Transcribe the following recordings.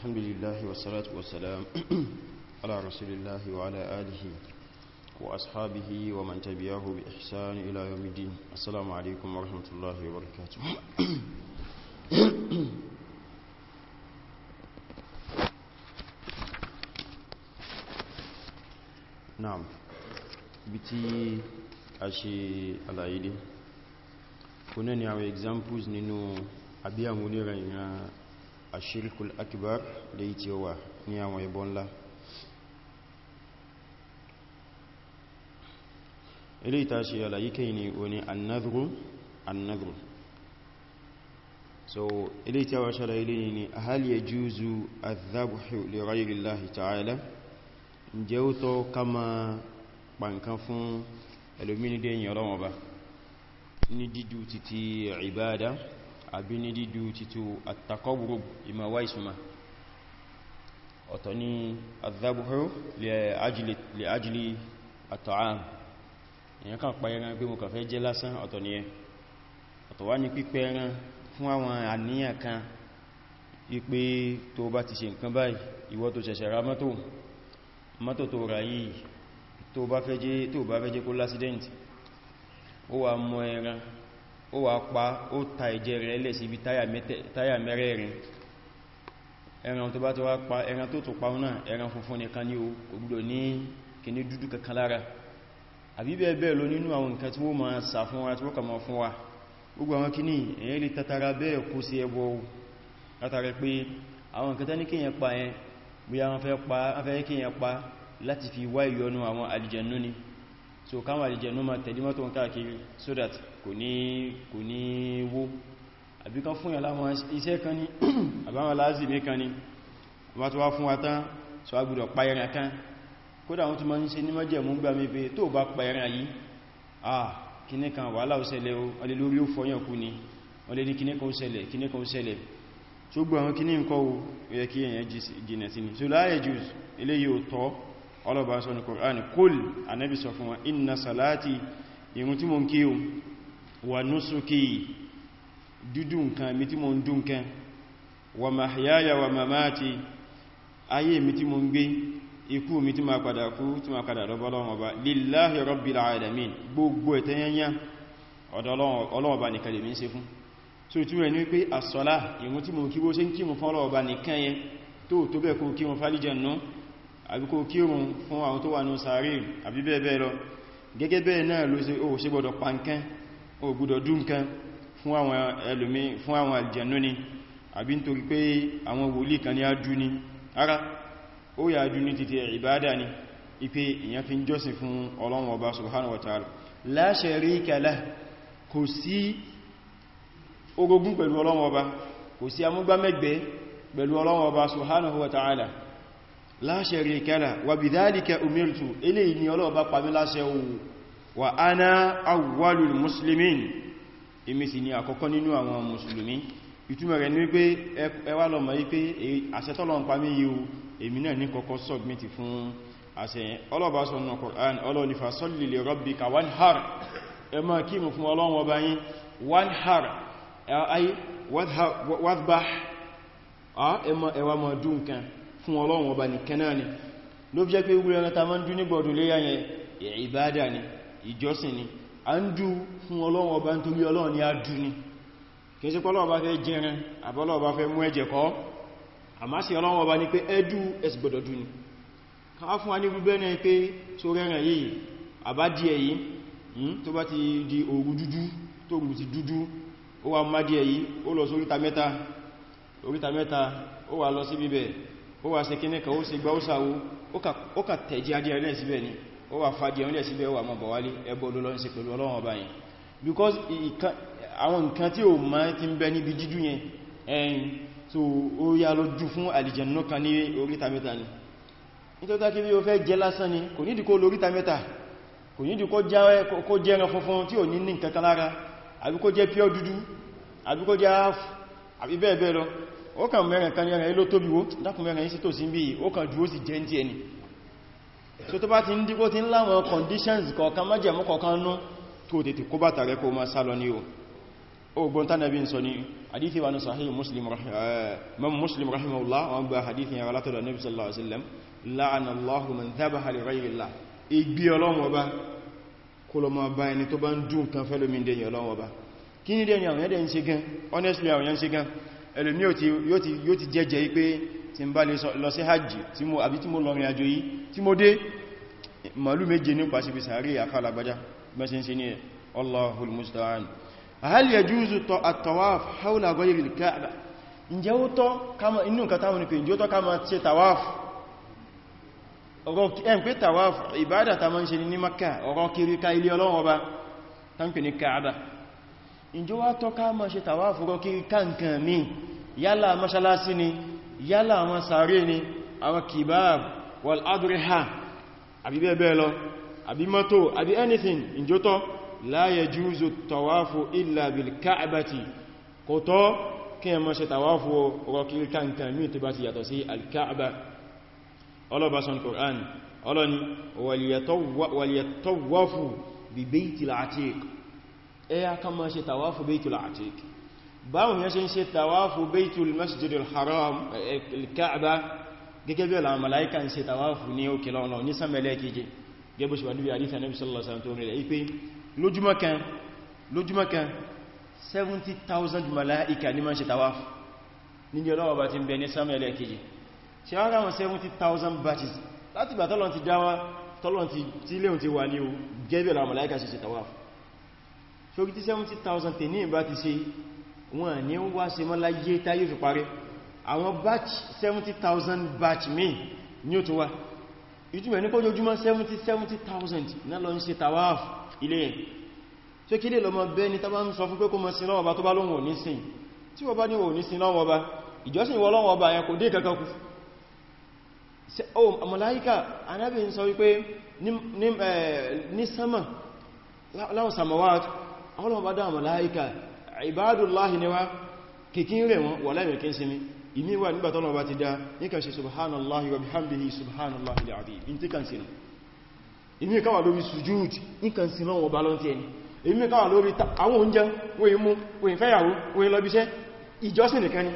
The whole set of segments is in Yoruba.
الحمد لله والصلاة والسلام على رسول الله وعلى آله وأصحابه ومن تبعه بإحسان إلى يوم الدين السلام عليكم ورحمة الله وبركاته نعم بتي أشي على يدي كنا نعوي examples ننو أبيع مونيرا ashirikul akbar léyìí tí ó wà ní àwọn ẹbọ ńlá ilé ìtaṣe àlàyé kẹ́yìn ni o ni annadhru annadhru so ilé tí a wá ṣàlàyé lè ní hal yajuzu adh-dhabhu li ta'ala ǹjẹ́ ó tọ́ ká ma pàǹkan fún ẹlòmínidẹ́yìn ọlọ́wọ́ ba ní dídú títí ìbádá àbí ní dídú títú at-taqarrub ìmọ̀ wá ìsúnmà ọ̀tọ̀ ní adh-dhabhu li ajli at-ta'am èyàn kan pa ẹran pé mo kàn fẹ́ jẹ lásán ọ̀tọ̀ ni ẹ ọ̀tọ̀ wá ní pípẹ́ ẹran fún àwọn àníyàn kan wípé tó bá ti ṣe nǹkan báyìí ìwọ tó ṣẹ̀ṣẹ̀ ra mọ́tò mọ́tò tó rà yìí tó bá fẹ́ jẹ́ kó lásídẹ́ntì ó wà mọ́ ẹran ó wà pa ó ta ẹ̀jẹ̀ rẹ̀ lẹ̀ sí ibi táyà mẹ́rẹ̀ẹ̀rin ẹran tó bá tó wá pa ẹran tó tó paun náà ẹran funfun nìkan ní ògbùdọ̀ ní kìní dúdú kankan lára àbí bẹ́ẹ̀ bẹ́ẹ̀ lọ nínú àwọn nǹkan tí wọ́n ma sà fún wa tí wọ́n kà mọ́ fún wa gbogbo àwọn kìní èyàn lè tatara bẹ́ẹ̀ kó sí ẹbọ látara pé àwọn nǹkan tání kíyàn pa yẹn bóyá wọ́n fẹ́ kíyàn pa láti fi wá ìyọnu àwọn àlìjẹ̀nú ni so káwọn àlìjẹ̀nú ma tẹ̀lé mọ́tò wọn káàkiri so that kò ní kò ní wó àbí kan fún yà láwọn iṣẹ́ kan ní àbáwọn lázìmí kan ní wọ́n tó wá fún wa tán so a gbọ́dọ̀ payẹ̀rẹ̀ kan kódà wọ́n tó máa ń ṣe ní mọ́jẹ̀ mú gbà mẹ́fẹ́ tó bá payẹ̀rẹ̀ yìí ah kíní kan wàhálà ó ṣẹlẹ̀ ó lè lórí ó fọyàn kú ni ó lè ní kíní kan ó ṣẹlẹ̀ kíní kan ó ṣẹlẹ̀ tó gbọ́ àwọn kíní nǹkan ó kul anabi sọ inna salati ìrun tí wa nusuki dúdún kan mi tí mo ń dún kan wa mahyaya wa mamati ayé mi tí mo ń gbé ikú mi tí ma padà kú tí ma padà lọ́bọ́lọ́wọ́ ba lillahi rabbil alamin gbogbo ẹ̀tẹ́yẹnyá ọ̀dọ̀ ọlọ́wọ́ ba nìkan lè mi ń ṣe fún so túnrẹ̀ ní wípé àsọ́lá ìrun tí mo kí bó ṣe ń kí mo fún ọlọ́wọ́ ba nìkan yẹn tó tó gẹ́gẹ́ bẹ́ẹ̀ náà ló ṣe ó ṣe gbọ́dọ̀ pankan o gbọ́dọ̀ dún nǹkan fún àwọn ẹlòmí fún àwọn àlùjànnú ni àbí nítorí pé àwọn wòlíì kan ní ájú ni ara ó yà ájú ní títí ìbádà ni ipé ìyàn fi ń jọ́sìn fún ọlọ́run ọba subhanahu wa ta'ala la sharika lahu kò sí orogún pẹ̀lú ọlọ́run ọba kò sí amúgbámẹ́gbẹ́ pẹ̀lú ọlọ́run ọba la sharika lahu wa bidhalika umirtu eléyìí ni ọlọ́run ọba wa ana awwalul muslimin èmi sì ni àkọ́kọ́ nínú àwọn mùsùlùmí ìtumọ̀ rẹ̀ ní wípé ẹ wá lọ mọ̀ wípé e, àṣẹ t'Ọlọ́run pa mí yìí o èmi náà ní kọ́kọ́ submit fún àṣẹ ọlọ́bá sọ nà Qur'an ọlọ́ni fa salli li rabbika wanhar ẹ máa kí mú fún Ọlọ́run ọba yín wanhar ay wadhbah ẹ wá máa dún nǹkan fún Ọlọ́run ọba nìkan náà ni ló fi jẹ́ pé gbogbo ẹran ta máa ń dún nígbọ̀dún léyà yẹn ìbádà ni ìjọsìn ni a ń dú fún ọlọ́run ọba nítorí ọlọ́run ni a dú ni kìí sí pọ́lọ́run ọba fẹ́ jẹrin àbọ́lọ́run ọba fẹ́ mú ẹ̀jẹ̀ kọ́ àmá sí ọlọ́run ọba ní wa ní gbígbẹ́ náà pé tó rẹ̀rẹ̀ yìí àbá díẹ̀ yìí hmm, tó bá ti di òru dúdú tó rù ti dúdú ó wá má díẹ̀ yìí ó lọ sí oríta mẹ́ta oríta mẹ́ta ó wá lọ sí bíbẹ̀ ni ó wà fàájẹ̀ oúnjẹ síbẹ̀ ó wà mọ̀ bọ̀wálé ẹgbọ́ olóòrùn sí pẹ̀lú ọlọ́run ọba yẹn because àwọn nǹkan tí ó ma ti ń bẹ níbi jíjú yẹn ẹ̀yìn tó ó yá lọ jú fún àlìjẹ̀nà kan ní oríta mẹ́ta ni nítorí kí bí ó fẹ́ jẹ lásán ni kò nídìí kó lóríta mẹ́ta kò nídìí kó jẹ́ ẹran funfun tí ò ní ní nǹkan kan lára àbí kó jẹ́ pure dúdú àbí kó jẹ́ ní ẹran so tó bá ti ń dípò tí ń láwọn conditions kọ̀ọ̀kan májẹ̀mú kọ̀ọ̀kan nú tó tètè kó bàtà rẹ kó ma sálọ ní o ogun tánàbí ń sọ ní hadithi wa ní sahih muslim rahimahullah wọn gba hadithi yàrá látọ̀dọ̀ nabi sallallahu alaihi wasallam la'anallahu man dhabaha li ghayrillah igbi ọlọ́wọ́ bá kó lọ ma bá ẹni tó bá ń dùn kan fẹ́ lómi dẹ̀yìn ọlọ́wọ́ bá kí ni dẹ̀yìn àwọn ẹ̀dẹ̀ ṣe gan honestly àwọn ẹ̀yàn ṣe gan ẹlòmí yóò ti jẹ́jẹ́ pé tí n bá lè lọ sí hajji tí mo àbí tí mo lọ rìn àjò yìí tí mo dé màálù méje nípa sí bí sàárè àfàlàgbájá mẹ́sìn sí ní Allahul musta'an hal yajuzu at-tawaf hawla ghayri al-Ka'ba ǹjẹ́ ó tọ́ kama inú nǹkan táwọn nìpe ǹjẹ́ ó tọ́ kama ṣe tawaf ọ̀rọ̀ ẹn pé tawaf ìbádà ta máa ń ṣe ní Makka mi yálà mọ́ṣálásí ni yálà àwọn sàárè ni àwọn kìbáàb wal adriha àbí bẹ́ẹ̀ bẹ́ẹ̀ lọ àbí mọ́tò àbí anything ìjótọ́ la yajuzu tawafu illa bil ka'bati kò tọ́ kí ẹ mọ́ ṣe tawafu rọkìl kankan mí tó bá ti yàtọ̀ sí alka'ba ọlọ́basan Qur'an ọlọ́ni waliyatawafu bi baytil atiq ẹ̀yà kan báwọn yẹn ṣe ń ṣe tàwáfù baitul masjid al-haram al-ka'ba gẹ́gẹ́ bí ọ̀là màláíkà ń ṣe tàwáfù ní òkè lọ́nà ní sánmẹ́lẹ́ keje gẹ́bù ṣe wà níbi àrífẹ́ Ànábì sallallahu alaihi wasallam tó rẹ̀ ipé lójúmọ́ kan lójúmọ́ kan 70,000 màláíkà ní ma ń ṣe tàwáfù ní ọlọ́wọ́ bá ti ń bẹ ní sánmẹ́lẹ́ keje ṣe wá ráwọn 70,000 batches láti bà tọ́lọ̀ ti wọn ní ń wá sí mọ́láyé táyé fi parí àwọn batch 70,000 batch mi ní ó tó wá ìtumẹ̀ ní kójójúmọ́ 70,000 náà lọ ń ṣe tawaf ilé ẹ̀ tó kí lè lọ mọ́ bẹ́ ní tàbá ń sọ fún pé kó mọ́ sí lọ́wọ́ bá tó bá lóhun òní sí tí wọ́n bá ní òní sí lọ́wọ́ bá ìjọsìn ìwọ lọ́wọ́ bá yẹn kò dé kankan kú o màláíkà anábì ń sọ wípé ní sánmà láwọn sàmọ̀wá ọlọ́wọ́ bá dá ibadullah ni wá kìkín rẹ̀ wọn wala láìmẹ̀ kí ń sinmi ìmí wà nígbà tọ́nà ti da ní kan ṣe subhanallahi wa bihamdihi subhanallahi na. azim in ti kan sinu ìmí káwà lórí sujúd ní kan sinu wọn bá lọ́ntí ẹni ìmí káwà lórí àwọn oúnjẹ wọ́n mú wọ́n fẹ́yàwó wọ́n lọ́bíṣẹ́ ìjọsìn ni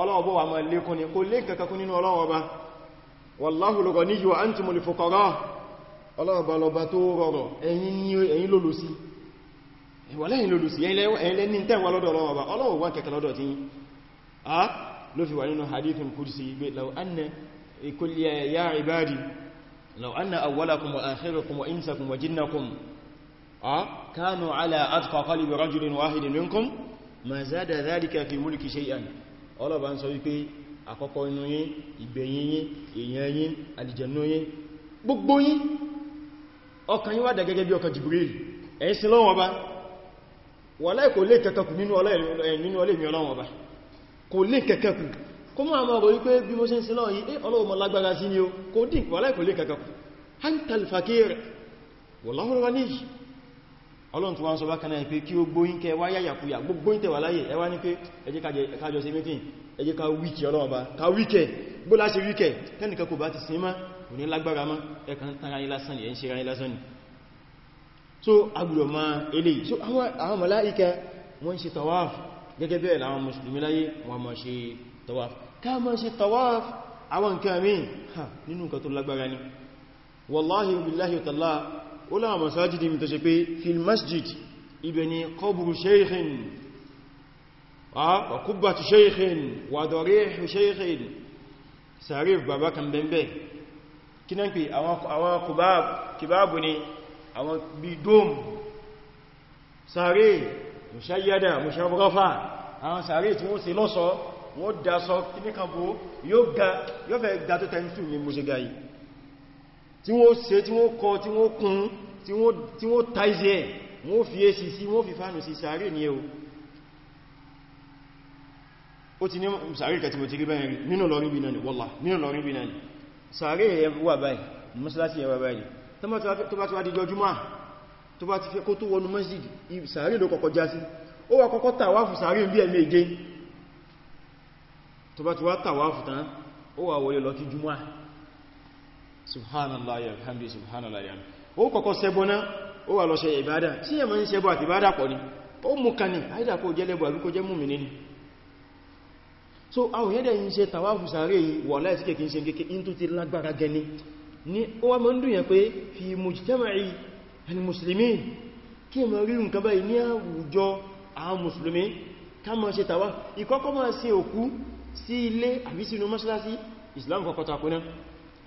ọlọ́wọ́ bọ́ wà máa lékún ní kò lé kankan nínú ọlọ́wọ́ bá wallahu al-ghaniyyu wa antumul fuqara ọlọ́wọ́ bá lọba tó rọrọ̀ ẹ̀yin lólùsí ìwọ̀lẹ́yìn lólùsí ẹ̀yin lẹ́ni tẹ́wà lọ́dọ̀ ọlọ́wọ́ bá ọlọ́wọ́ wà kẹta lọ́dọ̀ tí a ló fi wà nínú hadithun kudsi gbé law anna kulli ya ibadi law anna awwalakum wa akhirakum wa insakum wa jinnakum kanu ala ma zada dhalika fi mulki shay'an ọlọ́ba ń sọ wípé àkọ́kọ́ inú yín ìgbẹ̀yìn yín èèyàn yín àlìjẹ̀nú yín gbogbo yín ọkàn yín wá dà gẹ́gẹ́ bí ọkàn Jibril ẹ̀sìn lọ́wọ́ ọba wàláì kò lè kẹkẹkù nínú ọlẹ́ mi ọlọ́wọ́ ọba kò lè kẹkẹkù kó mọ́ àmà ọ̀rọ̀ wípé bí mo ṣe ń sin lọ́wọ́ yìí eh, ọlọ́run tí wọ́n sọ bákan náà pé kí ó gbóyín kẹ wá yàyàkúyà gbogbo ìtẹ̀ wà láyé ẹwà ní pé ẹjẹ́ kájọ sí mẹ́kìn ẹjẹ́ ká wíkẹ̀ ọlọ́run bá ká wíkẹ̀ bó láṣe wíkẹ̀ tẹ́nìkan bá ti sinimá kò ní lágbára ni so agbùdọ̀ ma so àwọn màláíkà wọ́n ṣe tawaf gẹ́gẹ́ bẹ́ẹ̀ láwọn mùsùlùmí láyé wọ́n máa ṣe tawaf ká máa ṣe tawaf mi nínú nǹkan tó lágbára wallahi billahi ta'ala ó láwọn masajidi mi tó ṣe pé fil masjid ibẹ̀ ni qabru shaykhin wa kubbatu shaykhin wa darihu shaykhin sarif bàbá kan bẹ̀m̀bẹ̀ kí náà pé àwọn kìbáàbù ni àwọn bidom sáré mushayyada musharrafa àwọn sáré tí wọ́n ṣe lọ́ṣọ̀ọ́ wọ́n dá sọ kíníkàbó yóò yóò fẹ́ ga tó tẹ́ tí wọ́n ṣe tí wọ́n kọ tí wọ́n kún tí wọ́n tàíṣẹ́ ẹ̀ wọ́n fi èsì sí wọ́n fi fánù sí sàárè ní ẹ̀wọ̀ ó ti ní sàárè kẹtì mo ti rí báyìí nínú lọrí bí náà ni wọ́lá nínú lọrí bí náà ni sàárè ẹ̀ wà báyìí mọ́sálásí ẹ̀ wà báyìí tó bá ti wá di jọjúmọ́ tó bá ti fẹ́ kó tó wọnú masjid sàárè ló kọ́kọ́ já sí ó wà kọ́kọ́ tàwáfù sàárè bí ẹ̀mẹ́ ìgé tó bá ti wá tàwáfù tán ó wà wọlé lọ kí jùmọ́ subhanallah ya alhamdi subhanallah ya ó kọ́kọ́ ṣẹbọ náà ó wá lọ ṣe ìbádà tí ẹ máa ń ṣẹbọ àti ìbádà pọ̀ ni ó mú kan ní àìdà kó jẹ́ lẹ́bọ̀ àbí kó jẹ́ mùmínì ni so àwọn yẹ́dẹ̀ yìí ṣe tàwáfù sàárè yìí wà láì síkẹ̀ kìí ṣe kéèké in tó ti lágbára gẹni ni ó wá mọ́ ń dùnyẹ̀ pé fi mujtama'i al-muslimin kí mọ̀ rí nǹkan báyìí ní àwùjọ àwọn musulmi ká mọ̀ ṣe tàwá ìkọ́kọ́ máa ṣe òkú sí ilé àbí sínú mọ́ṣáláṣí islam kọ́kọ́ takọ́ná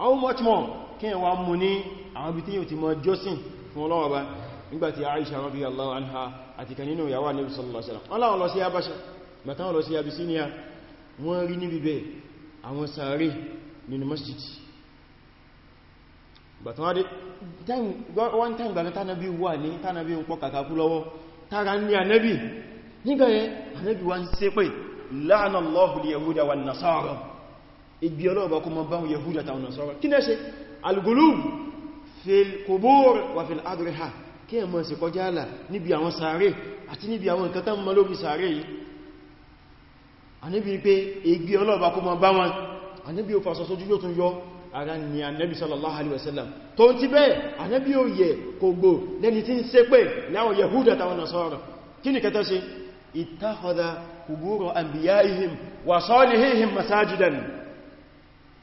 how much more kí ẹ wá mú ní àwọn ibi tí yóò ti mọ jọ́sìn fún Ọlọ́run Ọba nígbàtí Aisha radiyallahu anha àti kan nínú ìyàwó sallallahu alaihi wasallam Ọlọ́run lọ sí Habasha mẹ́tàn lọ sí Abyssinia wọ́n ní bíbẹ̀ àwọn one time gbàna tánàbí wà ní tánàbí ń pọ̀ kàkàkú lọ́wọ́ tára ní Ànábì nígbà yẹn Ànábì wá Allahu al-yahuda wan-nasara igbi ọlọ́ọ̀bá kó mọ báwọn yahuda tàwọn nasọ́rọ̀ kí náà ṣe al-gulub fil qubur wa fil adriha kí ẹ mọ́ sí kọjá àlà níbi àwọn sàárè àti níbi àwọn nǹkan tán mọ́ lórí sàárè yìí àníbi pé igbi ọlọ́ọ̀bá kó mọ báwọn àníbi ò fàṣọ sójú yóò tún yọ ara ni ànábì sallallahu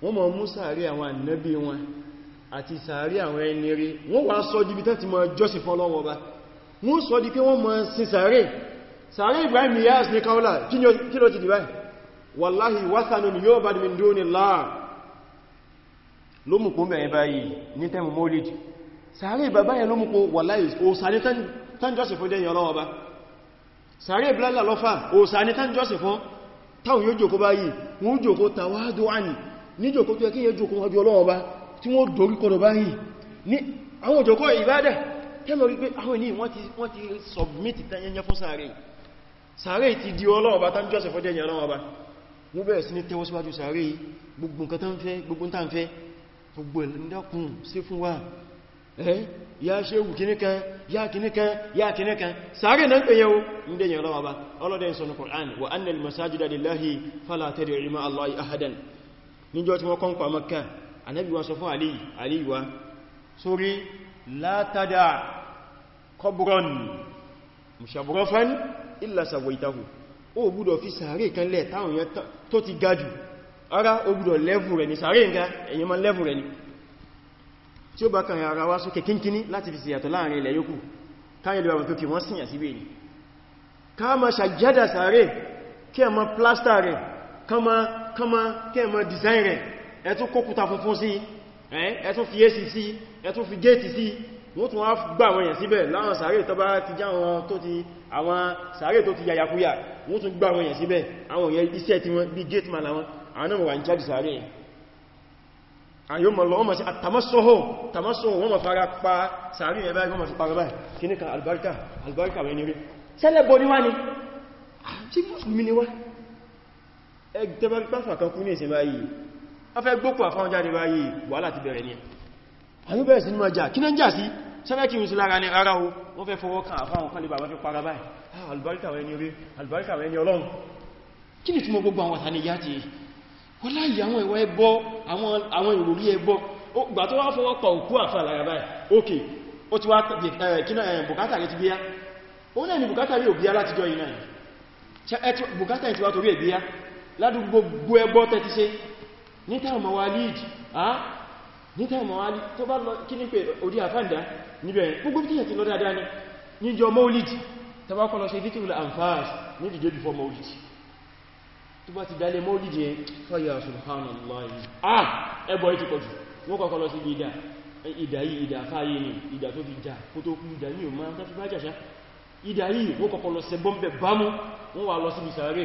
wọ́n mọ̀ mú sàárì àwọn ànábì wọn àti sàárì àwọn ẹni rí wọ́n wá sọ di bitán ti mọ̀ jọ́sìn fọ́lọ́wọ́ bá wọ́n sọ di pé wọ́n mọ̀ sí sàárì sàárì Ibrahim Niyas ní kaula kí ló ti dìbá wallahi wathanun yu'bad min dunillah lómùkú mẹ́rin báyìí ní tẹ́mù mólìdì sàárì bàbá yẹn lómùkú wallahi òsà ní tán jọ́sìn fún jẹ́yìn ọlọ́wọ́ bá sàárì ìbìlá lọ́fà òsà ní tán jọ́sìn fún táwọn yóò jòkó báyìí wọ́n jòkó tàwádùn àní níjòkó tó ẹkí yẹn jòkó ọjọ́ ọlọ́wọ́ bá tí wọ́n dorí kọ́dọ̀ báyìí ní àwọn òjòkó ìbádà kẹ́mọ̀ rí pé àwọn ènìyàn wọ́n ti submit tẹ́yẹnyẹ fún sàárè sàárè ti di ọlọ́wọ́ bá tán jọ́sẹ̀ fọ́jẹ́ yẹn ọlọ́wọ́ bá wọ́n bẹ̀rẹ̀ sí ní tẹ́wọ́ síwájú sàárè gbogbo nǹkan tán fẹ́ gbogbo tán fẹ́ gbogbo ẹ̀lẹ́dàkùn sí fún wa ẹ́ ya ṣe wù kìníkan ya kìníkan ya kìníkan sàárè náà pè yẹ́ o níjọ́ tí wọ́n kọ́nkọ́ Mákkà Ànábì wa sọ fún Àlí Àlí wa sórí la tada qabran mushabrafan illa sawaitahu ó gbọ́dọ̀ fi sàárè kan táwọn èèyàn tó ti gajù ara ó gbọ́dọ̀ lẹ́fù rẹ̀ ní sàárè nǹkan èèyàn ma lẹ́fù rẹ̀ ní tí ó bá kan ara wá sókè kínkíní láti fi ṣìyàtọ̀ láàrin ilẹ̀ yókù kẹ́ẹ̀mọ́ design rẹ̀ ẹ tún kókúta funfun sí ẹ tún fi èsì sí ẹ tún fi géètì sí wọ́n tún wá gbà wọ́n yẹn síbẹ̀ láwọn sàárè tó bá ti já wọn tó ti àwọn sàárè tó ti yàyàkúyà wọ́n tún gbà wọ́n yẹn síbẹ̀ àwọn yẹn iṣẹ́ tí wọ́n bí gate man àwọn àwọn náà wà ní charge sàárè yẹn àyó mọ̀ lọ́wọ́ sí àtàmọ́sọ́hó tàmọ́sọ́hó wọ́n mọ̀ fara pa sàárì ẹ̀bá ẹgbọ́n mọ̀ sí parọ́ báyìí kí ní kan albarka albarka wẹ́ni rí sẹ́lẹ̀bọ̀ níwá ni tí ah, mùsùlùmí níwá ẹgbẹ̀rẹ̀ pàfà kan kú ní ìsìn báyìí a fẹ́ gbókù àfáwọn jáde báyìí wàhálà ti bẹ̀rẹ̀ ní ẹ̀ àyúbẹ̀rẹ̀ sí ní ma jà kí ní jà sí sẹ́fẹ́ kí ní sí lára ní ara o wọ́n fẹ́ fọwọ́ kan àfáwọn kan lè bàbá fi para báyìí albarka ah, wẹ́ni orí albarka wẹ́ni ọlọ́run kí ni tí mo gbogbo àwọn àtàní yá eh, eh, ni bùkátà rí òbíyá látijọ́ yìí ládùgbò gbogbo ẹgbọ́ tẹ́ti ṣe níta mawalid ah níta mawalid tó bá lọ kí ní pé orí àfáǹdá níbẹ̀ gbogbo bí kíyàtí lọ dáadáa ní níjọ maulid tàbákọ́ lọ ṣe díkìrìlà anfas ní ìdíjọ́ bí fọ́ maulid tó bá ti dalẹ̀ ah ẹbọ̀ ẹ̀ ti pọ̀jù wọ́n kọ́kọ́ lọ sí ìdá ìdá yìí ìdá fáyé ni ìdá tó fi jà kó tó kú ìdá ní òun wọ́n wà lọ sí ìsàárè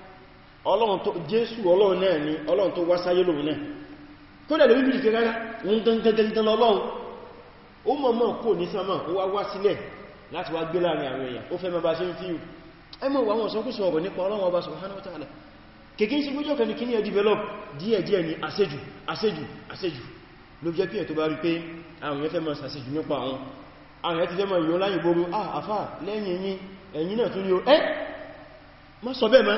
ọlọ́run tó jésù ọlọ́run náà ni ọlọ́run tó wá sáyé lòun náà kó dẹ̀ lórí bìrìkì rárá ń gangan ọlọ́run ó mọ̀ mọ̀ kò ní sánmà ó wá wá sílẹ̀ láti wá gbé láàrin àwọn èèyàn ó fẹ́ mọ́ bá ṣe ń fíyù ẹ mọ̀ develop díẹ̀ díẹ̀ ni àṣejù àṣejù àṣejù ló jẹ́ pí ẹ̀ tó bá rí pé àwọn èèyàn fẹ́ ah àfà lẹ́yìn ẹ̀yìn náà tún ní o ẹ́ má sọ bẹ́ẹ̀ mọ́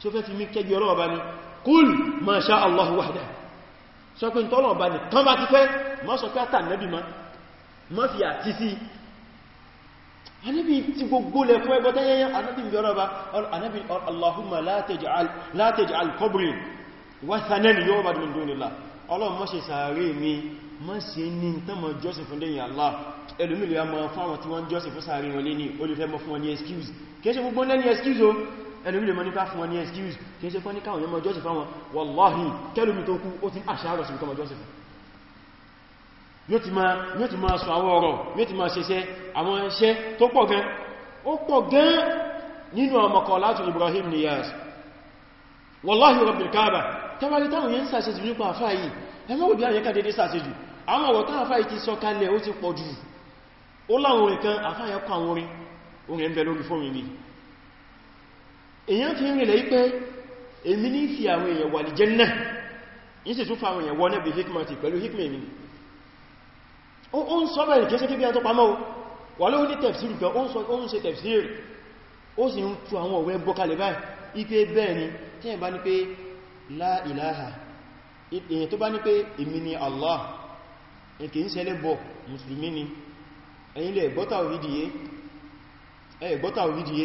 tí ó fẹ́ fi mí kẹjọ ọlọ́ọ̀bá ni kúl ma ṣá Allah wahda sọ pé tọ́lọ̀ọ̀bá ni kán bá ti fẹ́ ma sọ pé àtà nẹ́bí ma ma fi àti sí anábi ti gbogbo lẹ́kún ẹgbọ́ tẹ́yẹyẹ anábi ń bẹ̀rọ anábi Allahumma la taj'al la taj'al qabri wathanan yu'bad min dunillah ọlọ́run mọ́ ṣe sàárè mi mọ́ sí ní tánmọ̀ jọ́sìn fún lẹ́yìn Allah ẹlùmílẹ̀ a máa fáwọn tí wọ́n jọ́sìn fún ẹlòmí lè mọ́ nípa fún wọn ní excuse kìí ṣe fọ́níká òyìn mọ́ Joseph fáwọn wallahi kẹlòmí tó kú ó ti àṣàrọ̀ sí kọmọ jọ́sì fún yóò ti máa sọ àwọn ọ̀rọ̀ yóò ti máa ṣeṣẹ́ àwọn iṣẹ́ tó pọ̀ gan ó pọ̀ gan nínú ọmọkọ̀ láti Ibrahim Niyas wallahi rabbil kaaba tẹ́wàlẹ́ táwọn yẹn sàṣẹ́jù nípa àfáà yìí ẹmọ́ òbí àyẹ́ká dédé sàṣẹ́jù àwọn ọ̀rọ̀ táwọn àfáà yìí ti sọ kalẹ̀ ó ti pọ̀ jù ó láwọn orin kan àfáà yẹn kọ àwọn orin orin ẹ̀mbẹ̀ lórí fóònù yìí èyàn fi ń rìnlẹ̀ wípé èmi ní fi àwọn èèyàn wà ní Jannah yí sì tún fa àwọn èèyàn wọ́n náà hikmati pẹ̀lú hikma èmi ni ó ń sọ bẹ̀rẹ̀ kéṣe kí bí i àtọ́ pamọ́ wà ló ní tẹ̀fsìrì gan ó ń ṣe tẹ̀fsìrì ó sì ń tu àwọn ọ̀wẹ́ bọ́kalẹ̀ báyìí ipe bẹ́ẹ̀ ni tí ẹ̀ bá ní pé la ilaha èyàn tó bá ní pé èmi ni Allah ẹ̀kẹ́ ń ni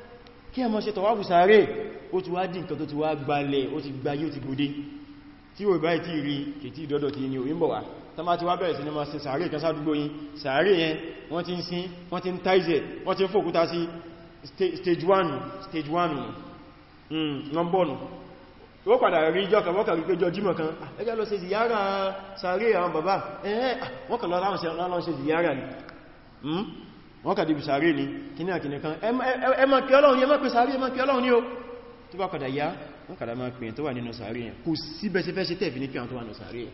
kí ẹ mọ́ ṣe tọ̀wàbù sáré ó ti wá dì nǹkan tó ti wá gbalẹ̀ ó ti gbayé ó ti gòdé tí ó ìbáyìí tí rí kìtí ìdọ́dọ̀ tí ní òyìn bọ̀ wá tán ti wá bẹ̀rẹ̀ sí ní máa sin sáré kan sádúgbò yín sáré yẹn wọ́n ti ń sin stage 1 stage 1 hmm, nọ́mbọ̀nù ó padà rí ìjọ kan wọ́n kà rí péjọ jímọ̀ kan ah, ẹgbẹ́ lọ ṣe ziyara sáré àwọn bàbá ẹ̀ẹ́ ah, wọ́n kà lọ wọ́n kàdé bí sàárè ní kíní àkíní kan ẹmọ kí ọlọ́run ní ẹmọ pé sàárè ẹmọ kí ọlọ́run ní ó tó bá kọ̀dà yá wọ́n kàdà máa pè tó wà nínú sàárè yẹn kò sí bẹ́sẹ̀fẹ́sẹ̀ tẹ́ẹ̀fì ní pìyàn tó wà nínú sàárè yẹn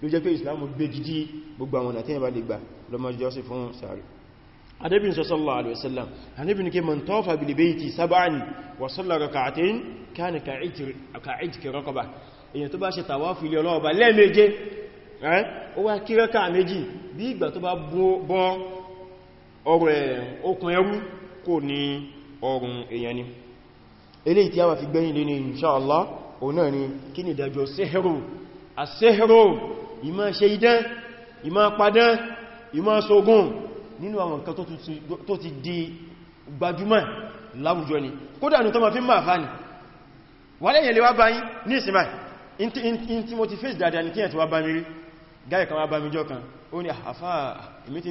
ló jẹ́ pé ìsìlámù gbé gidi gbogbo àwọn àtẹ́yìn bá lè gbà lọ́mọjọ́ sí fún sàárè adébìn sọ sallallahu alaihi wasallam hanibin ke man tofa bil bayti tó bá ṣe tawafu ilé Ọlọ́run bá lẹ́ẹ̀méje eh wá kí méjì bí ìgbà tó bá ọrọ̀ eh, okùn ẹrú kò ní ọrùn èyàn ni eléyìí tí a wà fi gbẹ́yìn lé ní inṣáàlá òun náà ni kí ni ìdájọ́ sẹ́hẹ̀rọ àsẹ́hẹ̀rọ ìmá ṣe idán ìmá padán ìmá ṣogun nínú àwọn nǹkan tó ti di gbajúmọ̀ láwùjọ ni kódà ní tó ma fi máa fà ní wà lẹ́yìn lè wá bá yín ní ìsinmá in tí mo ti fèsì dáadáa ní kíyàn ti wá bá mi rí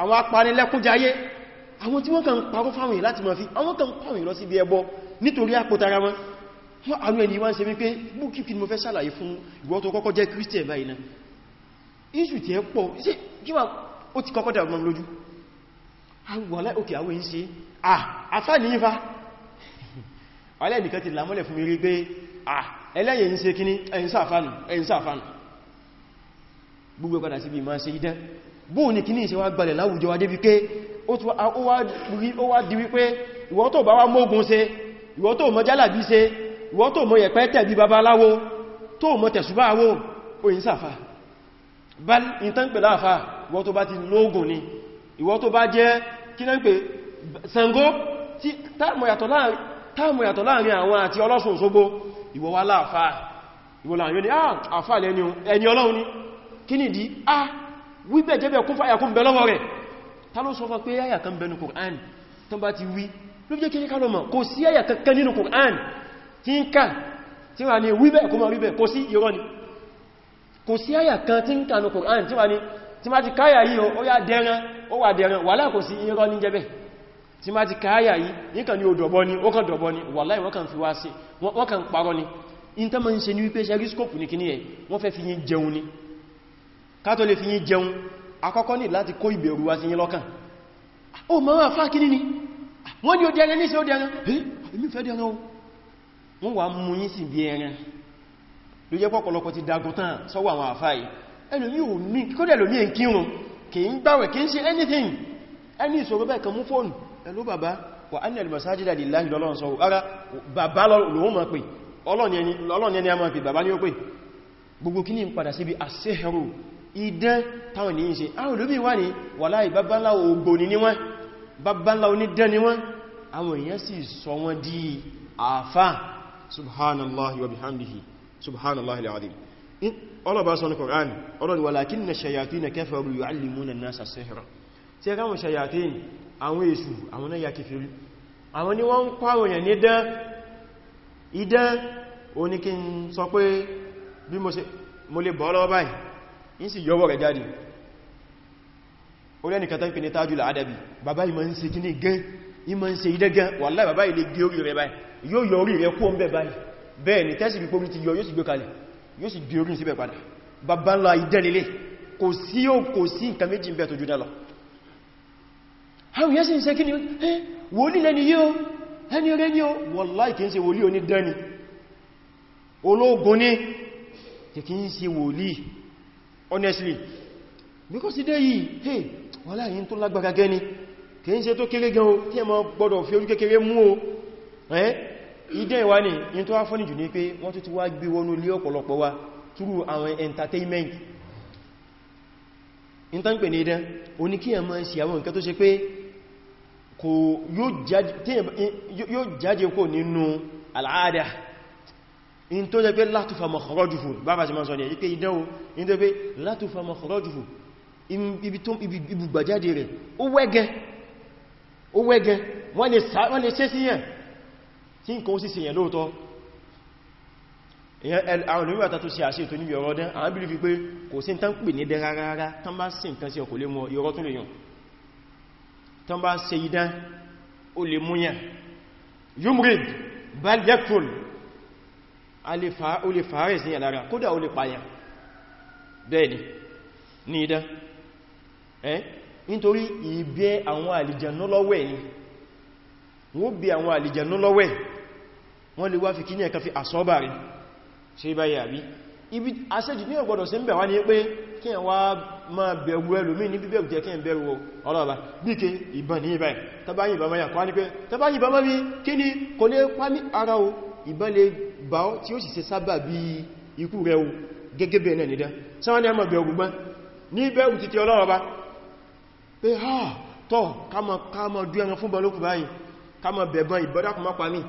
àwọn apanilẹ́kúnjayé àwọn tí wọ́n kàn parọ́ fáwọn èèyàn láti máa fi àwọn kàn pàwọn èèyàn sí ibi ẹbọ nítorí àpótara wọn wọ́n àwọn ẹni wá ń ṣe wípé búkí kí ni mo fẹ́ ṣàlàyé fún ìwọ tó kọ́kọ́ jẹ́ Christian báyìí náà iṣù tí ẹ pọ̀ sí kí wà ó ti kọ́kọ́ dàgbọ́n lójú àwọn òkè àwọn èyí ṣe àfá níyífá alẹ́nìkan ti lámọ́lẹ̀ fún mi rí pé ẹlẹ́yìn ń ṣe kíní ẹ̀yìn sáfánù gbogbo padà sí bí máa ṣe idán bóò ní kìíní ìṣẹ́wà gbalẹ̀ láwùjọ wa débi pé ó wá di wípé ìwọ tó bá wá mógun ṣe ìwọ tó mọ jálàbí ṣe ìwọ tó mọ yẹ̀pẹ́ tẹ̀bí babaláwo tó in tán pè láàfà ìwọ tó bá ti lóògùn ni ìwọ tó bá jẹ́ kí náà pè Ṣàngó tí táàmù yàtọ̀ láàrin àwọn àti ọlọ́sùn Òṣogbo ìwọ wá láàfà ìwọ láàrin ah, ni kí ah wíbẹ̀ jẹ́bẹ̀ kún fàyàkún bẹ lọ́wọ́ rẹ̀ ta ló sọ fún pé àyà kan bẹnu Qur'an tán bá ti wí ló jẹ́ kíríkà lọ́mọ̀ kò sí àyà kankan nínú Qur'an tí ń ká tí wà ní wíbẹ̀ kó ma wíbẹ̀ kò sí irọ́ ni kò sí àyà kan tí ń ká nínú Qur'an tí wà ní tí má ti káyà yìí ó yá dẹran ó wà dẹran wàlá kò sí irọ́ ní jẹ́bẹ̀ tí má ti káyà yìí nìkan ni ó dọ̀bọ́ ni ó kàn wọ́n kàn fi wá sí wọ́n kàn parọ́ ni in tán ma ń ṣe ní wípé ṣe rí skópù ní kíní wọ́n fẹ́ fi yín jẹun ni ká tó lè fi yín jẹun akọ́kọ́ ní láti kó ìbẹ̀rù wá sí yín lọ́kàn o ma wá fáà kíní ni wọ́n ni ó dẹran ní sí ó dẹran èmi fẹ́ dẹran o wọ́n wà mú yín sí bí ẹran ló jẹ́ pọ̀pọ̀lọpọ̀ ti dagun anything ẹni ìṣòro bẹ́ẹ̀ kan mú fóònù ẹlú bàbá wà á nílùmọ̀ sáájídà lè láàrín lọ́lọ́run sọ́rọ̀ ara bàbá lòun mọ̀ pé ọlọ́ni ẹni a mọ̀ pé bàbá ní ó pé gbogbo kí ní padà síbi àṣẹ́hẹ̀rù idán táwọn ní ṣe àwọn olóbi wà ní wàláhì babanlá ògbò ní níwọ́n babanlá onídán níwọ́n àwọn èèyàn sì sọ wọ́n di àfà subhanallahi wa bihamdihi subhanallahi alazim ọlọ́bá sọ ní Qur'an ọlọ́ni walakinna shayatina kafaru yu'allimuna an-nasa sihra tí ẹka wọn shayatin àwọn èṣù àwọn náà ya kèfèrí àwọn bí mo lè bọ́ lọ́wọ́ báyìí yí sì yọwọ́ rẹ̀ jáde ó lẹ́nìkan tán pè ní Tajul Adabi bàbá ìmọ̀ ń ṣe kíní gan ìmọ̀ ń ṣe idẹ́ gan wàláhì bàbá ilé gé orí rẹ̀ báyìí yóò yọ orí rẹ̀ kó ń bẹ̀ báyìí bẹ́ẹ̀ ni tẹ́sì bí pórí ti yọ yóò sì gbé kalẹ̀ yóò sì gbé orí síbẹ̀ padà bàbá ńlá idẹ́ lélẹ̀ kò sí ó kò sí nǹkan méjì ń bẹ̀ tó jù dá lọ àwọn yẹ́sì ń ṣe kíní ẹ́ wòlí lẹ́ni yóò ẹni rẹ̀ ni ó wàláhì kìí ṣe wòlí honestly because today yìí hey wala láyé tó lágbára gẹ́ ni kìí ṣe tó kéré gan o tí ẹ ma gbọ́dọ̀ fi ojú kékeré mú o ẹ́ ìdẹ́ ìwá ni in tó wá fọ́nì jù ní pé wọ́n tó ti wá gbé wọnú ilé ọ̀pọ̀lọpọ̀ wa through àwọn entertainment in tán pè ní idẹ́ oní kí ẹ ma ṣe àwọn nǹkan tó ṣe pé yóò jáde kò nínú al'ada in tó jẹ́ pé látúfà mọ̀kọ̀rọ̀jùfù bába ti máa sọ ní ẹ̀ pé ìdánwò in tó pé látúfà mọ̀kọ̀rọ̀jùfù ibùgbàjáde rẹ̀ ó wẹ́gẹ́ wọ́n lè ṣe sí yẹn kí n kò sí sí yẹn lóòtọ́ àwọn olóríwà tàtó sí àṣẹ ìtò níbi ọ̀rọ̀ dán àwọn bí i pé kò sí tán pè ní dẹ rárá tán bá sí nǹkan sí ọkò lè mọ ìrọ́ tún lè yàn tán bá se idán ó lè múyàn yumrid bal yakful o lè fàárẹ̀ kódà o bẹ́ẹ̀ni ní idán ẹ́ nítorí ìbẹ́ àwọn ni wọ́n bí àwọn wọ́n lè wá fi kíní fi àsọ́bà ṣe báyà rí ibi ní ọgbọ̀dọ̀ sí ń ní pé kí wá máa bẹ̀rù ní jẹ́ kí bẹ̀rù bí i kí ìbọn ní ibẹ̀ tàbáyìnbọn kọ́ ní pé kí kò lè ara o ìbọn lè bá ọ́ tí ó sì ṣe sábà bí ikú rẹ̀ o gẹ́gẹ́ bẹ̀ẹ̀ nìdá sáwọn ni a mọ̀ bẹ̀rù gbọ́n ní bẹ̀rù títí Ọlọ́run bá pé ha tọ́ káàmọ̀ dú ẹran fún balókù báyìí káàmọ̀ bẹ̀bọn ìbọ́dákùnmọ́ pa mí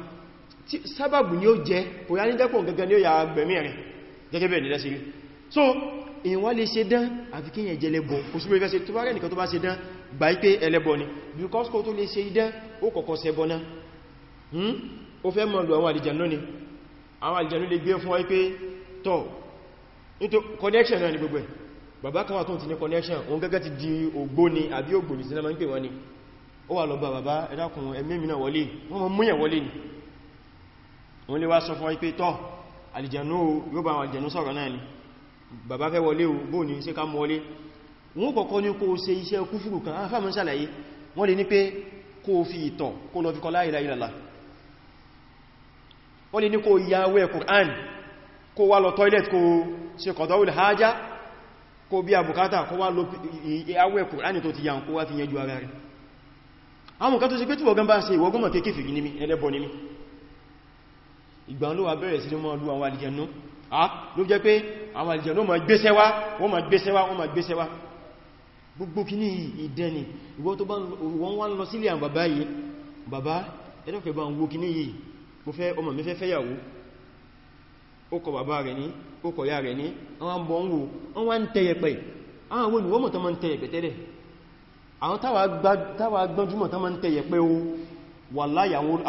sábàbù ni ó jẹ́ kò yá ní dẹ́kùn gẹ́gẹ́ ni ó yà gbẹ̀mí rẹ̀ gẹ́gẹ́ bẹ̀ẹ̀ nìdá sí rí so èyàn wá lè ṣe dán àfi kí èyàn fẹ́ mọ́ hmm? àwọn àlìjàn lónìí àwọn àlìjànú lè gbé fún wáyé tọ́ nítorí connection náà ni gbogbo ẹ̀ bàbá kan wà tó ti ní connection òun gẹ́gẹ́ ti di ògbóni àbí ògbóni sí lọ́mọ́ ń pè wọ́n ni ó wà lọ bá bàbá ẹ dákun ẹ̀mí mi náà wọlé wọ́n mọ́ múyẹ̀ wọlé ni wọ́n lè wá sọ fún wáyé pé ni bàbá fẹ́ wọlé o bóò ní ṣe ká mú wọlé wọ́n kọ̀kọ́ ní kó ó lè ní kó yàwẹ́ Kùránì kó wá lọ toilet kó ṣe kọ̀dọ̀wìl hajjá kó bí àbùkátà kó wá lọ yàwẹ́ Kùránì tó ti yàn kó wá fi yẹjú ara rẹ̀ àwọn kan tó sì pé túbọ̀ gan bá ṣe ìwọ̀gún mọ̀ kéèkéè fìrí ními ẹlẹ́bọ̀ ními ìgbà ló wà bẹ̀rẹ̀ sí mọ́ lú àwọn àlìjẹ̀nú ló jẹ́ pé àwọn àlìjẹ̀nú wọ́n ma gbéṣẹ́ wá wọ́n ma gbéṣẹ́ wá bá ń wo kí yìí mo fẹ́ ọmọ mi fẹ́ fẹ́yàwó ó kọ bàbá rẹ̀ ní ó kọ ya rẹ̀ ní àwọn bọ̀ ń wo wọ́n wá ń tẹ́yẹpẹ̀ àwọn wo ni wọ́n mọ̀ tán mọ́ ń tẹ́yẹpẹ̀ tẹ́lẹ̀ àwọn táwà gbọ́njúmọ̀ tán mọ́ ń tẹ́yẹpẹ̀ o wàláhì àwọn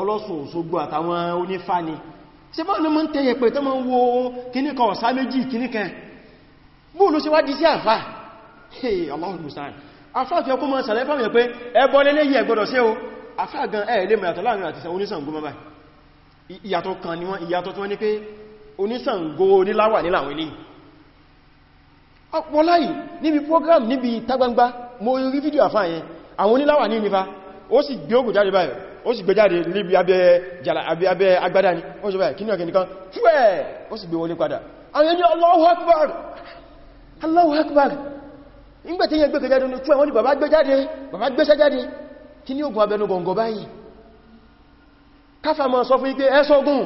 ọlọ́sùn Òṣogbo àtàwọn onífá ni ṣe bọ́ ni mọ́ ń tẹ́yẹpẹ̀ tán mọ́ ń wo kíníkan ọ̀sá méjì kíníkan bóò ló ṣe Allahu musta'an àfà fi ọkọ́ mọ́ sàlẹ́fà mẹ́ pé ẹbọ́ lẹ́lẹ́yẹ gbọ́dọ̀ sí o afáàgan ẹ̀ẹ́lẹ́ mẹ́yàtọ̀ láàrin àti oníṣàngó mẹ́bà ìyàtọ̀ kan ni wọ́n ìyàtọ̀ tí wọ́n ní pé oníṣàngó oníláwà nílà àwọn ilé ọpọláyì níbi program níbi tagbangba mo rí fídíò àfáàyẹn àwọn oníláwà ní nípa ó sì gbé ògùn jáde báyìí ó sì gbé jáde níbi abẹ́ agbádá ni ó sì báyìí kí ní ọ̀kẹ́ nìkan fúẹ̀ ó sì gbé wọlé padà àwọn ẹni Allahu Akbar Allahu Akbar nígbàtí yẹn gbé kẹjáde ní fúẹ̀ wọ́n ni bàbá gbé jáde bàbá gbéṣẹ́ jáde kí ní ogun abẹnu gọ̀ǹgọ̀ báyìí káfà ma sọ fún ipé ẹsọ́gùn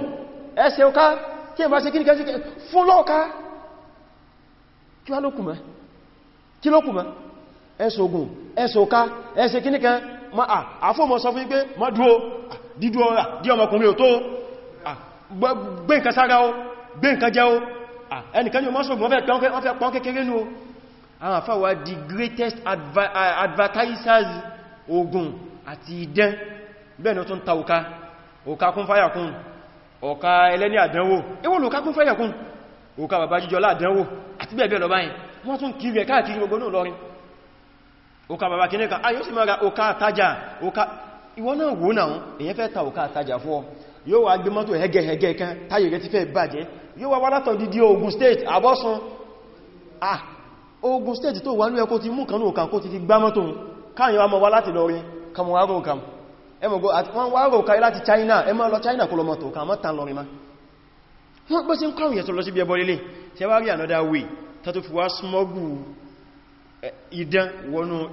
ẹsẹ̀ ọká tí ẹ bá ṣe kí ní kẹ́ sí kẹ́ fún lọ́ọ̀ká kí wá lókùnmọ́ kí lókùnmọ́ ẹsọ́gùn ẹsẹ̀ ẹsẹ̀ kí ní kẹ́ ma àfọ́ ma sọ fún ipé ma dúó dídú ọ̀rà dí ọmọkùnrin ò tó gbé nǹkan sára ó gbé nǹkan jẹ́ ó ẹnìkan yóò mọ́sùn wọ́n fẹ́ pọ́n kékeré the greatest advertisers ogun àti idán bẹ́ẹ̀nà tó ń ta òka òka kún fáyàkún òka ẹlẹ́ni àdánwò ewò lòka kún fáyàkún òka bàbá jíjọ láàdánwò àti bẹ́ẹ̀bẹ́ẹ̀ lọ báyìí wọ́n tún kiri ẹ̀ káàkiri gbogbo náà lọrin òka bàbá kìnnìkà ayọ́ sì mara òka àtajà òka ìwọ náà wò náà èyàn fẹ́ ta òka àtajà fún ọ yóò wá gbé mọ́tò hẹ́gẹ̀hẹ́gẹ́ kan táyì Ogun State ah Ogun State tó wà ní ẹkó ti mú kanú òkàkó ti fi gbá mọ́tò káàyàn ọmọ wá láti lọrin kàmù wá rò kàmù ẹmọ̀gbọ́ àti wọ́n wá rò káyí láti China ẹmọ́ lọ China kó lọmọ tó kàmọ́ tàn lọrin ma wọ́n pẹ́ sí ń kọ́rùn yẹ̀tọ́ lọ sí bí ẹbọ lílé tí wá rí another way tó tó fi wá smọ́gù idán wọnú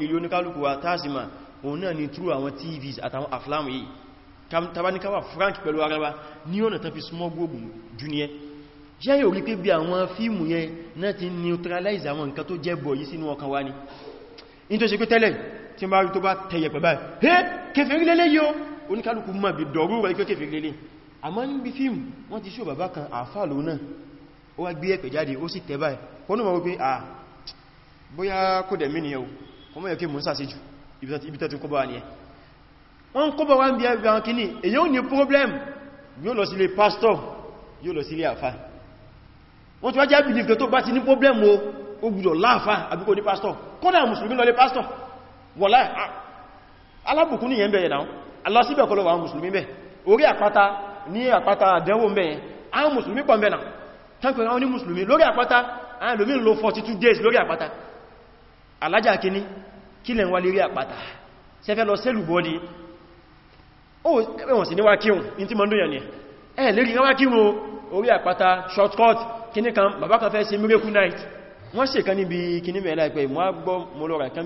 ilé Frank pẹ̀lú araba ní ọ̀nà tán fi junior jẹ́ yóò rí pé bí àwọn fíìmù yẹn náà ti neutralize àwọn nǹkan tó jẹ́ bọ̀ yìí sínú ọkàn wa ni tó ṣe pé tẹ́lẹ̀ tí ma rí tó bá tẹ̀yẹ̀ pẹ̀ báyìí ẹ́ kẹfẹ̀rí lélé yóò oníkálùkù mọ̀ bí dọ̀rú rẹ̀ ikẹ́ kẹfẹ̀rí lélé àmọ́ níbi fíìmù wọ́n ti ṣó bàbá kan àfààlò náà ó wá gbé ẹ̀pẹ̀ jáde ó sì tẹ̀ báyìí wọ́n mọ̀ o ọmọ yẹ kí mò ń sàṣejù ibi tẹ́tù kó bá wà nìyẹn wọ́n kó bá wá ń bí ẹgbẹ̀ àwọn kìíní èyí ò ní problem yóò lọ pastor yóò lọ sílé àfà wọ́n ti wá jẹ́ bìlìfẹ́ tó o ó gbùdọ̀ láàfà àbíkò ní pastor kódà mùsùlùmí lọ lé pastor wọ́lá alábùkún ní ẹ̀mẹ́ ẹ̀dà alọ́síbẹ̀ kọlọ̀wọ̀ àwọn musulmi bẹ̀ orí àpáta ní àpáta àdẹ́wò mẹ́ àwọn musulmi pọ̀ mẹ́nà tánkẹ̀rẹ̀ àwọn ní musulmi lórí àpáta àwọn lómi lo 42 days lórí àpáta alájá kíní kílẹ̀ wà lérí àpáta sẹ́fẹ́ lọ sẹ́lù bọ́dí ó wọ́n sì níwá kíhùn ní tí mọ́ndó yẹn ni ẹ̀ lérí wá kíhùn orí àpáta shortcut kíní kan bàbá night wọ́n ṣe kan níbi kíní mẹ́lá ìpẹ́ mọ́ gbọ́ mọ́lọ́rà kan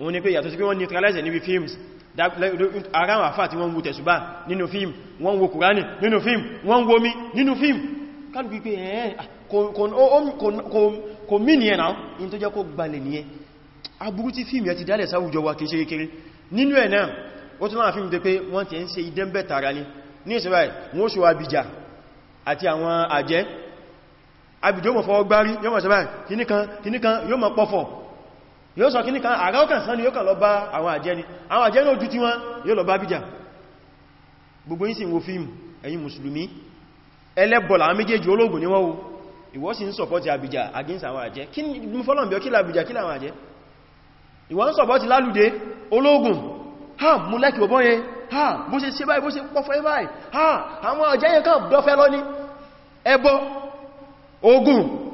òun ni pé yàtọ̀ sí pé wọ́n neutralize níbi films ara àwọn àfáà tí wọ́n wo tẹ̀sùbá nínú film wọ́n wo kùránì nínú film wọ́n wo mi nínú film kálù pípé ẹ̀ẹ́ kò mí ní ẹ̀nà in tó jẹ́ kó gbalẹ̀ ní ẹ aburú tí film yẹ ti dálẹ̀ sáwùjọ wa kìí ṣe kékeré nínú ẹ̀ náà ó tún láwọn film tẹ́ pé wọ́n ti ń ṣe idẹ́mbẹ̀ tààrà ní ní ìsẹ́bàá wọ́n ṣe Abidjan àti àwọn àjẹ́ Abidjan yóò sọ kíní kan àrá ọkàn sán ni yóò kàn lọ bá àwọn àjẹni àwọn àjẹni ojú tí wọ́n yóò lọ bá bíjà gbogbo yín sì ń wo fíìmù ẹ̀yin mùsùlùmí ẹlẹ́bọ̀lá méjèèjì ológun ni wọ́n ń against àwọn àjẹ́ kí ni fọ́lọ̀m̀bíọ́ kí làbìjà kí làwọn àjẹ́ ìwọ ń sọpọ́tì ha mú lẹ́kì ha bó ṣe ṣe báyìí bó ṣe ha àwọn àjẹ́ yẹn kàn dọ́fẹ́ ogun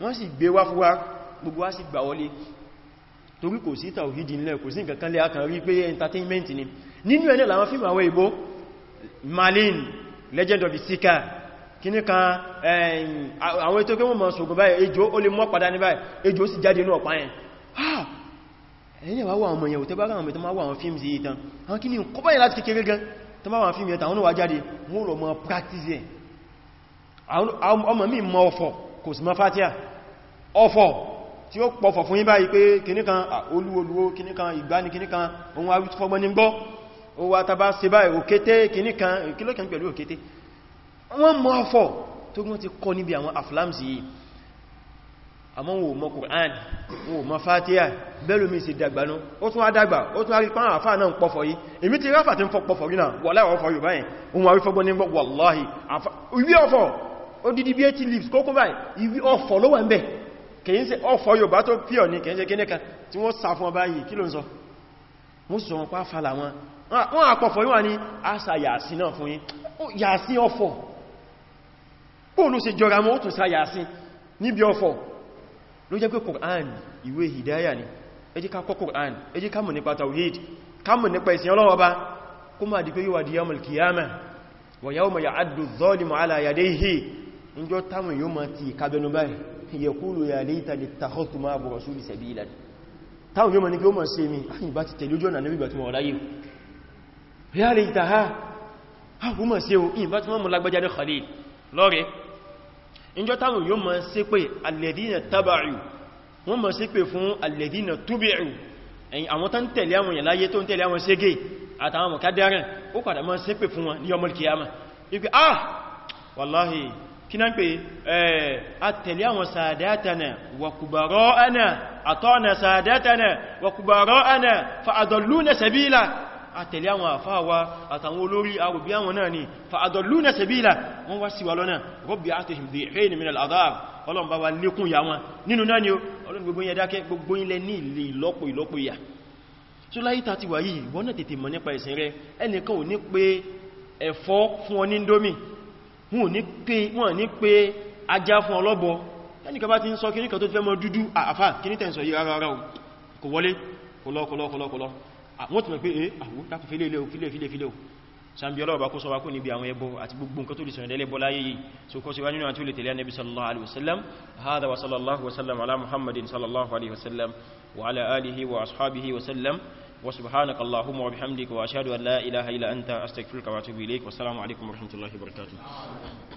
wọ́n sì gbé wá fún wa gbogbo wa sì gbà wọlé torí kò sí tàwídì nílẹ̀ kò sí nǹkan lẹ́ akàn pé entertainment ni nínú ẹ̀nà làwọn fíìmù àwọn ìbò Malin Legend of the Seeker kíní kan àwọn ètò kẹwọ́n mọ̀ ṣògùn báyìí ejò ó lè mọ́ padà ní báyìí ejò ó sì jáde inú ọ̀pá yẹn ah! ẹ̀yìn wá wọ́n mọ̀ yẹ̀wò tẹ́bára àwọn ìtàn máa wọ́n fíìmù sí ìtàn àwọn kíní kọ́ báyìí fatia ọ̀fọ̀ tí ó pọ̀fọ̀ fún yín báyìí pé kìníkan olúolúo kìníkan ìgbani kìníkan ohun awítúfọ́gbọ́n ní gbọ́ ohun àtàbá ṣe báyìí òkété kìníkan kílọ́kàn pẹ̀lú òkété wọ́n mọ́ ọ̀fọ̀ tó gún ti kọ́ níbi àwọn aflams yìí àmọ́ wọn ò mọ̀ Qur'an wọn ò mọ̀ Fatiha bẹ́lú mi sì dàgbà nú ó tún adágbà ó tún arí pán àfáà náà pọ̀fọ̀ yìí èmi ti ráfà leaves kókó báyìí ìwé ọ̀fọ̀ ló wà ń bẹ̀ kìí ṣe ọ̀fọ́ Yorùbá tó píọ̀ ní kìí ṣe kí nìkan tí wọ́n sá fún ọba yìí kí ló ń sọ mú sọ wọn pàfà làwọn wọ́n àpọ̀fọ́ yíwà ní àṣà yàásí náà fún yín yàásí ọ̀fọ́ pòòlù sí jọra mọ́ tún sá yàásí níbi ọ̀fọ́ ló jẹ́ pé Kùránì ìwé hidayah ni ẹ jẹ́ ká kọ́ Kùránì ẹ jẹ́ ká mọ̀ nípa tawhid ká mọ̀ nípa ìsìn Ọlọ́run ba kó má di pé yíwà di yawmul qiyamah wa yawma ya'addu adh-dhalimu ala yadayhi níjọ́ táwọn yóò mọ̀ ti ìkábẹnu báyìí yakulu ya laita littakhadhtu ma abu rasuli sabila táwọn yóò mọ̀ ní kí ó mọ̀ sí mi ayin ah, bá ti tẹ̀lé ojú ọ̀nà níbi gbàtí wọ́n ráyé ya laita ha ha ah, kú mọ̀ sí o in bá tí wọ́n mọ̀ lágbàjá ní khalil lọ́rẹ̀ injọ táwọn yóò mọ̀ sí pé alladhina taba'u wọ́n mọ̀ sí pé fún alladhina kí náà pé àtẹ̀lé eh, àwọn sàádátana wà kùbàrọ́ ẹnà àtọ́nà sàádátana wà kùbàrọ́ ẹnà fa'adọ̀lú na sàbílà àtẹ̀lé àwọn àfáàwà àtàwọn olórí àwòbí àwọn náà ni fa'adọ̀lú na sàbílà wọ́n wá síwà lọ́nà rọ́bì àtẹ̀hìm dì rẹ́ni min al'adhab ọlọ́n ni ọlọ́n gbogbo yẹn dákẹ́ gbogbo ilẹ̀ ní ilé ìlọ́pọ̀ ìlọ́pọ̀ ìyà tó láyé tàti wà yìí wọ́n náà tètè mọ̀ nípa wọ́n ní pé ajá fún ọlọ́bọ ẹnìkan bá ti ń sọ kí níkan tó fẹ́ mọ́ dúdú àfà kí ní tẹ̀sọ̀ yìí rárá o kò wọlé kọlọ́kọlọ́kọlọ́ àwọn tí mọ̀ pé eh àwọ́ dákù fílé ilé o fílé fílé fílé o sàbí ọlọ́ọ̀bá kó sọwá kó níbi àwọn so kó síwá nínú àti olè tẹ̀lé Ànábì sallallahu hada wa sallallahu ala muhammadin sallallahu alaihi wasallam wa ala alihi wa ashabihi wasallam وسبحانك اللهم وبحمدك وأشهد أن لا إله إلا أنت أستغفرك وأتوب إليك والسلام عليكم ورحمة الله وبركاته